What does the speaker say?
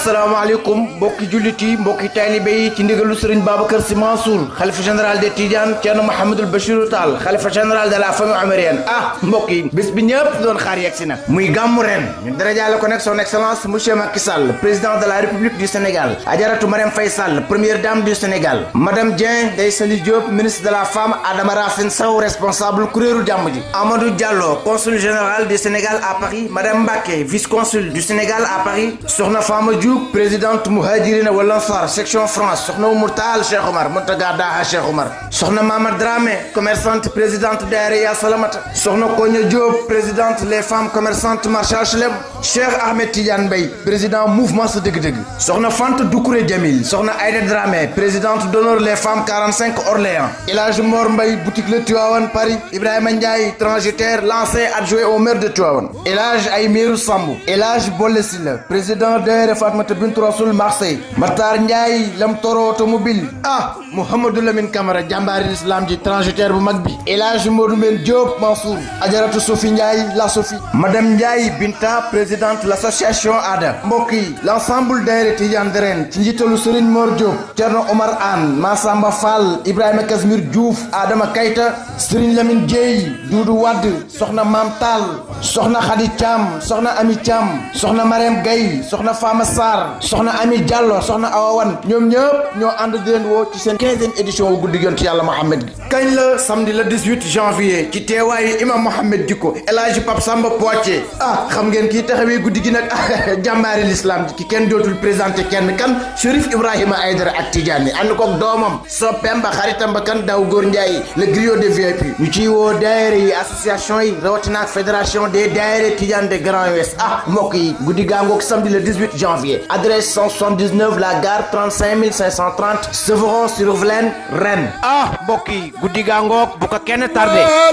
asalaamaaleykum mbokki jullit yi mbokki taalibe yi ci ndigalu sëriñ Babacar Sy Mansour xalifa général de Tidiane Thierno Mouhamadul Bachirou Tall xalifa général de la famille omérienne ah mbokk yi bés bi ñëpp doon xaar yegg muy gàmmu ren ñu ko nag son excellence monsieur Macky Sall président de la république du Sénégal ajaratu Marième Faye Sall première dame du Sénégal madame Dieng Ndeye Saly Diop ministre de la femme Adama Racine Sow responsable kuréelu jàmm ji Amadou Diallo consul général du Sénégal à Paris madame Mbacké vice consul du Sénégal à Paris njiitu présidente muhajirina wal ansar section France soxna Oumou Taal Omar Mountaga Daha Omar soxna Mamad Dramé commerçante présidente daayira Ya Salamata soxna Koña Diop présidente les femmes commerçantes marché HLM Cheikh Ahmed Tidiane Mbaye président mouvement sa dëgg-dëgg soxna Fante Doukouré Jamil soxna Aïda Dramé présidente d'honneur les femmes 45 Orléans El Hadj Mor Mbaye boutique Le Tivaouane Paris Ibrahima Ndiaye transitaire l'ancien adjoint au de Tivaouane El Fatimata bintu Rasul Marseille Matar Ndiaye lam toro automobile ah Mouhamadou Lamine Camara jàmbaari islam ji transitaire bu mag bi El Hadj Modou Men Diop Ajaratu Sophie Ndiaye la Sophie Madame Ndiaye Binta présidente l'association ADA mbokk l'ensemble daayira Tidiane de ci njiitalu Serigne Mor Diop Thierno Omar Anne Massamba Fall Ibrahima Kasmir Diouf Adama Kayta Serigne Lamine Dieye Doudou Wade soxna Mam Tall soxna Khady Thiam soxna Ami Thiam soxna Mariam Gaye soxna Sarr soxna Ami Diallo soxna Awa Wane ñoom ñëpp ñoo ànd di leen woo ci seen quinzième édition wu guddi yonent yàlla Mohamed gi kañ la samedi le 18 janvier ci teewaayu imam Mohamed Dicko El Hadji Pape Samba Poitier ah xam ngeen kii taxawee guddi gi nag ah, jàmbaari l'islam ji ki kenn dootul présenté kenn kan Chérif Ibrahima Aïdara ak Tidiane ànd koog doomam soppeem ba xaritam ba kan daw góor Ndiaye le griot de VIP ñu ci woo daayira yi association yi rawatina ak fédération des daayira Tidiane de Grand Ouest ah, mbokk yi guddi gaangoog samedi le 18 janvier adresse 179 la gare 35 530 Sevron sur Velin Rennes. ah mbokk yi guddi bu ko kenn tardé.